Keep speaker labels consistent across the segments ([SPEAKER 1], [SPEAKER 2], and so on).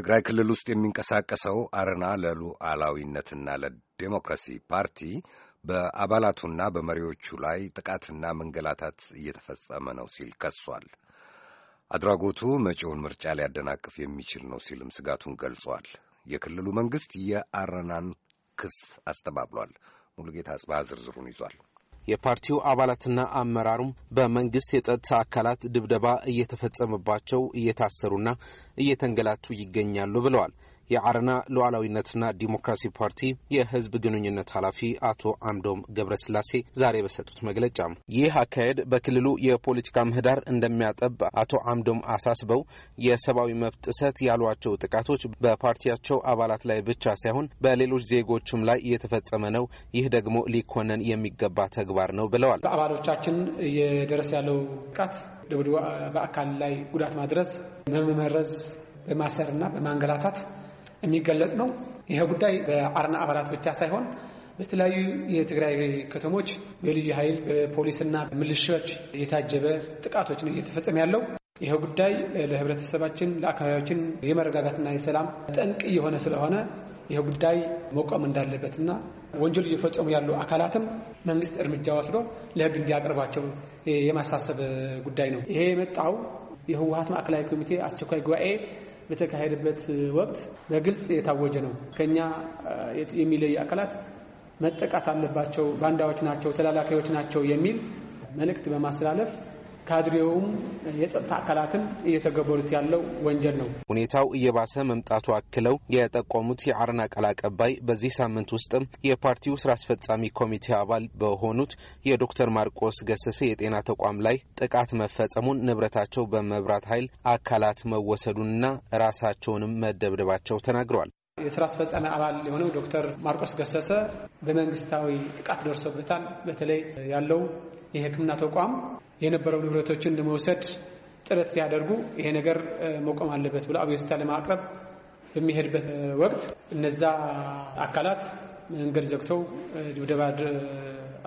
[SPEAKER 1] ትግራይ ክልል ውስጥ የሚንቀሳቀሰው አረና ለሉዓላዊነትና ለዴሞክራሲ ፓርቲ በአባላቱና በመሪዎቹ ላይ ጥቃትና መንገላታት እየተፈጸመ ነው ሲል ከሷል። አድራጎቱ መጪውን ምርጫ ሊያደናቅፍ የሚችል ነው ሲልም ስጋቱን ገልጿል። የክልሉ መንግሥት የአረናን ክስ አስተባብሏል። ሙሉጌታ አጽባህ ዝርዝሩን ይዟል።
[SPEAKER 2] የፓርቲው አባላትና አመራሩም በመንግስት የጸጥታ አካላት ድብደባ እየተፈጸመባቸው እየታሰሩና እየተንገላቱ ይገኛሉ ብለዋል። የአረና ሉዓላዊነትና ዲሞክራሲ ፓርቲ የህዝብ ግንኙነት ኃላፊ አቶ አምዶም ገብረስላሴ ዛሬ በሰጡት መግለጫ ይህ አካሄድ በክልሉ የፖለቲካ ምህዳር እንደሚያጠብ አቶ አምዶም አሳስበው የሰብአዊ መብት ጥሰት ያሏቸው ጥቃቶች በፓርቲያቸው አባላት ላይ ብቻ ሳይሆን በሌሎች ዜጎችም ላይ እየተፈጸመ ነው። ይህ ደግሞ ሊኮነን የሚገባ ተግባር ነው ብለዋል።
[SPEAKER 1] በአባሎቻችን እየደረሰ ያለው ጥቃት በአካል ላይ ጉዳት ማድረስ፣ በመመረዝ፣ በማሰርና በማንገላታት የሚገለጽ ነው። ይሄ ጉዳይ በአርና አባላት ብቻ ሳይሆን በተለያዩ የትግራይ ከተሞች በልዩ ኃይል በፖሊስና በምልሻዎች የታጀበ ነው እየተፈጸመ ያለው ይህ ጉዳይ ለህብረተሰባችን፣ ለአካባቢያችን የመረጋጋትና የሰላም ጠንቅ እየሆነ ስለሆነ ይህ ጉዳይ መቆም እንዳለበትና ወንጀል እየፈጸሙ ያሉ አካላትም መንግስት እርምጃ ወስዶ ለህግ እንዲያቀርባቸው የማሳሰብ ጉዳይ ነው። ይሄ የመጣው የህወሀት ማዕከላዊ ኮሚቴ አስቸኳይ ጉባኤ በተካሄደበት ወቅት በግልጽ የታወጀ ነው። ከኛ የሚለይ አካላት መጠቃት አለባቸው፣ ባንዳዎች ናቸው፣ ተላላኪዎች ናቸው የሚል መልእክት በማስተላለፍ ካድሬውም የጸጥታ አካላትም እየተገበሩት ያለው ወንጀል ነው።
[SPEAKER 2] ሁኔታው እየባሰ መምጣቱ አክለው የጠቆሙት የአረና ቃል አቀባይ በዚህ ሳምንት ውስጥም የፓርቲው ስራ አስፈጻሚ ኮሚቴ አባል በሆኑት የዶክተር ማርቆስ ገሰሰ የጤና ተቋም ላይ ጥቃት መፈጸሙን ንብረታቸው በመብራት ኃይል አካላት መወሰዱንና ራሳቸውንም መደብደባቸው ተናግረዋል።
[SPEAKER 1] የስራ አስፈጻሚ አባል የሆነው ዶክተር ማርቆስ ገሰሰ በመንግስታዊ ጥቃት ደርሶበታል። በተለይ ያለው የሕክምና ተቋም የነበረው ንብረቶችን ለመውሰድ ጥረት ሲያደርጉ ይሄ ነገር መቆም አለበት ብሎ አቤቱታ ለማቅረብ በሚሄድበት ወቅት እነዛ አካላት መንገድ ዘግተው ድብደባ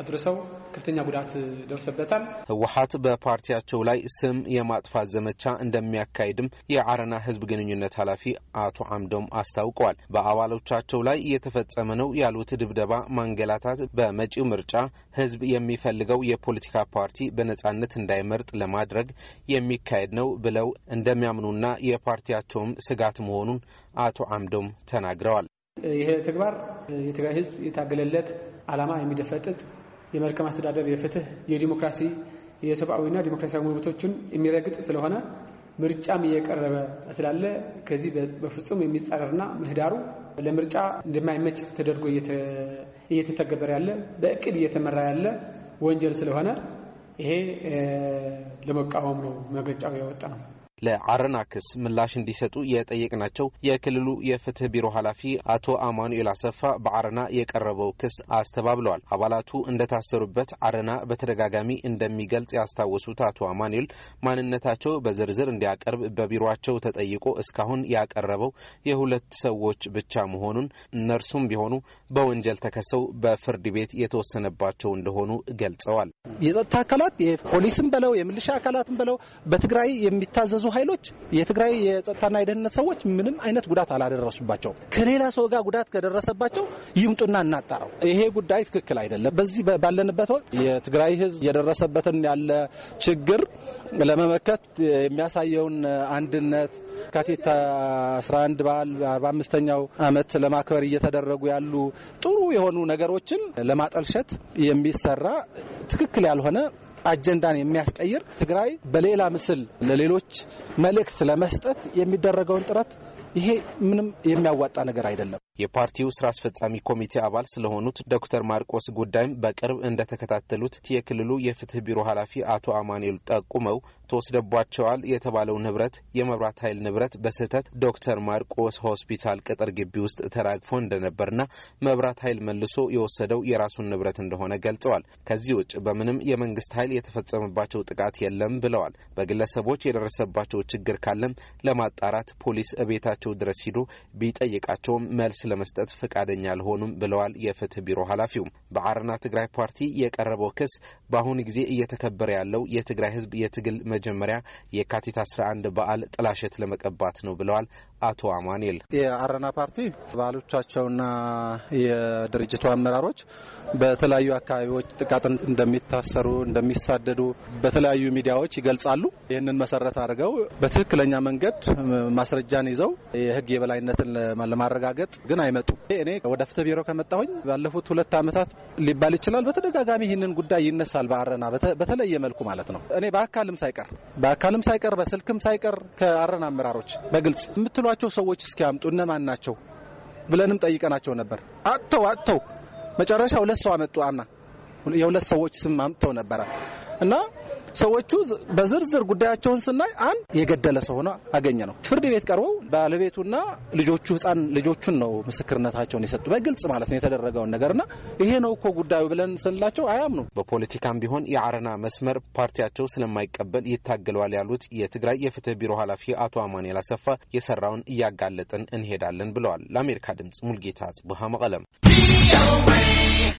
[SPEAKER 1] አድርሰው ከፍተኛ ጉዳት ደርሶበታል።
[SPEAKER 2] ህወሀት በፓርቲያቸው ላይ ስም የማጥፋት ዘመቻ እንደሚያካሂድም የአረና ህዝብ ግንኙነት ኃላፊ አቶ አምዶም አስታውቀዋል። በአባሎቻቸው ላይ እየተፈጸመ ነው ያሉት ድብደባ፣ ማንገላታት በመጪው ምርጫ ህዝብ የሚፈልገው የፖለቲካ ፓርቲ በነጻነት እንዳይመርጥ ለማድረግ የሚካሄድ ነው ብለው እንደሚያምኑና የፓርቲያቸውም ስጋት መሆኑን አቶ አምዶም ተናግረዋል።
[SPEAKER 1] ይሄ ተግባር የትግራይ ህዝብ የታገለለት ዓላማ የሚደፈጥጥ የመልካም አስተዳደር፣ የፍትህ፣ የዲሞክራሲ፣ የሰብአዊና ዲሞክራሲያዊ መብቶችን የሚረግጥ ስለሆነ ምርጫም እየቀረበ ስላለ ከዚህ በፍጹም የሚጻረርና ምህዳሩ ለምርጫ እንደማይመች ተደርጎ እየተተገበረ ያለ በእቅድ እየተመራ ያለ ወንጀል ስለሆነ ይሄ ለመቃወም ነው መግለጫው ያወጣ ነው።
[SPEAKER 2] ለአረና ክስ ምላሽ እንዲሰጡ የጠየቅናቸው የክልሉ የፍትህ ቢሮ ኃላፊ አቶ አማኑኤል አሰፋ በአረና የቀረበው ክስ አስተባብለዋል። አባላቱ እንደታሰሩበት አረና በተደጋጋሚ እንደሚገልጽ ያስታወሱት አቶ አማኑኤል ማንነታቸው በዝርዝር እንዲያቀርብ በቢሮቸው ተጠይቆ እስካሁን ያቀረበው የሁለት ሰዎች ብቻ መሆኑን እነርሱም ቢሆኑ በወንጀል ተከሰው በፍርድ ቤት የተወሰነባቸው እንደሆኑ ገልጸዋል።
[SPEAKER 3] የጸጥታ አካላት የፖሊስም በለው የምልሻ አካላትም በለው በትግራይ የሚታዘዙ ኃይሎች የትግራይ የጸጥታና የደህንነት ሰዎች ምንም አይነት ጉዳት አላደረሱባቸው። ከሌላ ሰው ጋር ጉዳት ከደረሰባቸው ይምጡና እናጣራው። ይሄ ጉዳይ ትክክል አይደለም። በዚህ ባለንበት ወቅት የትግራይ ህዝብ የደረሰበትን ያለ ችግር ለመመከት የሚያሳየውን አንድነት ካቲት 11 በዓል 45ኛው ዓመት ለማክበር እየተደረጉ ያሉ ጥሩ የሆኑ ነገሮችን ለማጠልሸት የሚሰራ ትክክል ያልሆነ አጀንዳን የሚያስቀይር ትግራይ በሌላ ምስል ለሌሎች መልእክት ለመስጠት የሚደረገውን ጥረት ይሄ ምንም
[SPEAKER 2] የሚያዋጣ ነገር አይደለም። የፓርቲው ስራ አስፈጻሚ ኮሚቴ አባል ስለሆኑት ዶክተር ማርቆስ ጉዳይም በቅርብ እንደተከታተሉት የክልሉ የፍትህ ቢሮ ኃላፊ አቶ አማኑኤል ጠቁመው ተወስደባቸዋል የተባለው ንብረት የመብራት ኃይል ንብረት በስህተት ዶክተር ማርቆስ ሆስፒታል ቅጥር ግቢ ውስጥ ተራግፎ እንደነበርና መብራት ኃይል መልሶ የወሰደው የራሱን ንብረት እንደሆነ ገልጸዋል። ከዚህ ውጭ በምንም የመንግስት ኃይል የተፈጸመባቸው ጥቃት የለም ብለዋል። በግለሰቦች የደረሰባቸው ችግር ካለም ለማጣራት ፖሊስ እቤታቸው ቤታቸው ድረስ ሂዶ ቢጠይቃቸውም መልስ ለመስጠት ፈቃደኛ አልሆኑም ብለዋል የፍትህ ቢሮ ኃላፊው። በአረና ትግራይ ፓርቲ የቀረበው ክስ በአሁኑ ጊዜ እየተከበረ ያለው የትግራይ ህዝብ የትግል መጀመሪያ የካቲት 11 በዓል ጥላሸት ለመቀባት ነው ብለዋል አቶ አማኑኤል።
[SPEAKER 3] የአረና ፓርቲ ባሎቻቸውና የድርጅቱ አመራሮች በተለያዩ አካባቢዎች ጥቃት እንደሚታሰሩ፣ እንደሚሳደዱ በተለያዩ ሚዲያዎች ይገልጻሉ። ይህንን መሰረት አድርገው በትክክለኛ መንገድ ማስረጃን ይዘው የህግ የበላይነትን ለማረጋገጥ ግን አይመጡም። እኔ ወደ ፍትህ ቢሮ ከመጣሁኝ ባለፉት ሁለት ዓመታት ሊባል ይችላል በተደጋጋሚ ይህንን ጉዳይ ይነሳል። በአረና በተለየ መልኩ ማለት ነው። እኔ በአካልም ሳይቀር በአካልም ሳይቀር በስልክም ሳይቀር ከአረና አመራሮች በግልጽ የምትሏቸው ሰዎች እስኪያምጡ እነማን ናቸው ብለንም ጠይቀናቸው ነበር። አጥተው አጥተው መጨረሻ ሁለት ሰው አመጡ። አምና የሁለት ሰዎች ስም አምጥተው ነበረ እና ሰዎቹ በዝርዝር ጉዳያቸውን ስናይ አንድ የገደለ ሰው ሆነ አገኘ ነው። ፍርድ ቤት ቀርበው ባለቤቱና ልጆቹ ህፃን ልጆቹን ነው ምስክርነታቸውን የሰጡ በግልጽ ማለት ነው የተደረገውን ነገርና
[SPEAKER 2] ይሄ ነው እኮ ጉዳዩ ብለን ስንላቸው አያምኑም። በፖለቲካም ቢሆን የአረና መስመር ፓርቲያቸው ስለማይቀበል ይታገለዋል ያሉት የትግራይ የፍትህ ቢሮ ኃላፊ አቶ አማኑኤል አሰፋ የሰራውን እያጋለጥን እንሄዳለን ብለዋል። ለአሜሪካ ድምጽ ሙልጌታ ጽቡሃ መቀለም